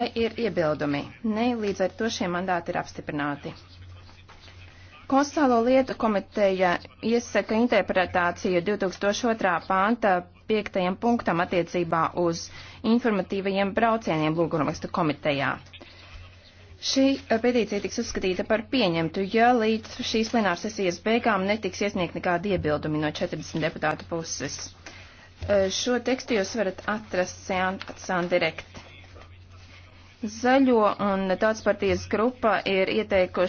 Vai ir iebildumi? Nē, līdz ar to šie mandāti ir apstiprināti. Konstitucionālo lietu komiteja iesaka interpretāciju 2002. pānta 5. punktam attiecībā uz informatīvajiem braucieniem lūgurumakstu komitejā. Šī petīcija tiks uzskatīta par pieņemtu, ja līdz šīs plenāras sesijas beigām netiks iesniegt nekādi iebildumi no 40 deputātu puses. Šo tekstu jūs varat atrast Sandirekt. Zaļo un tautas partijas grupa ir ieteikuši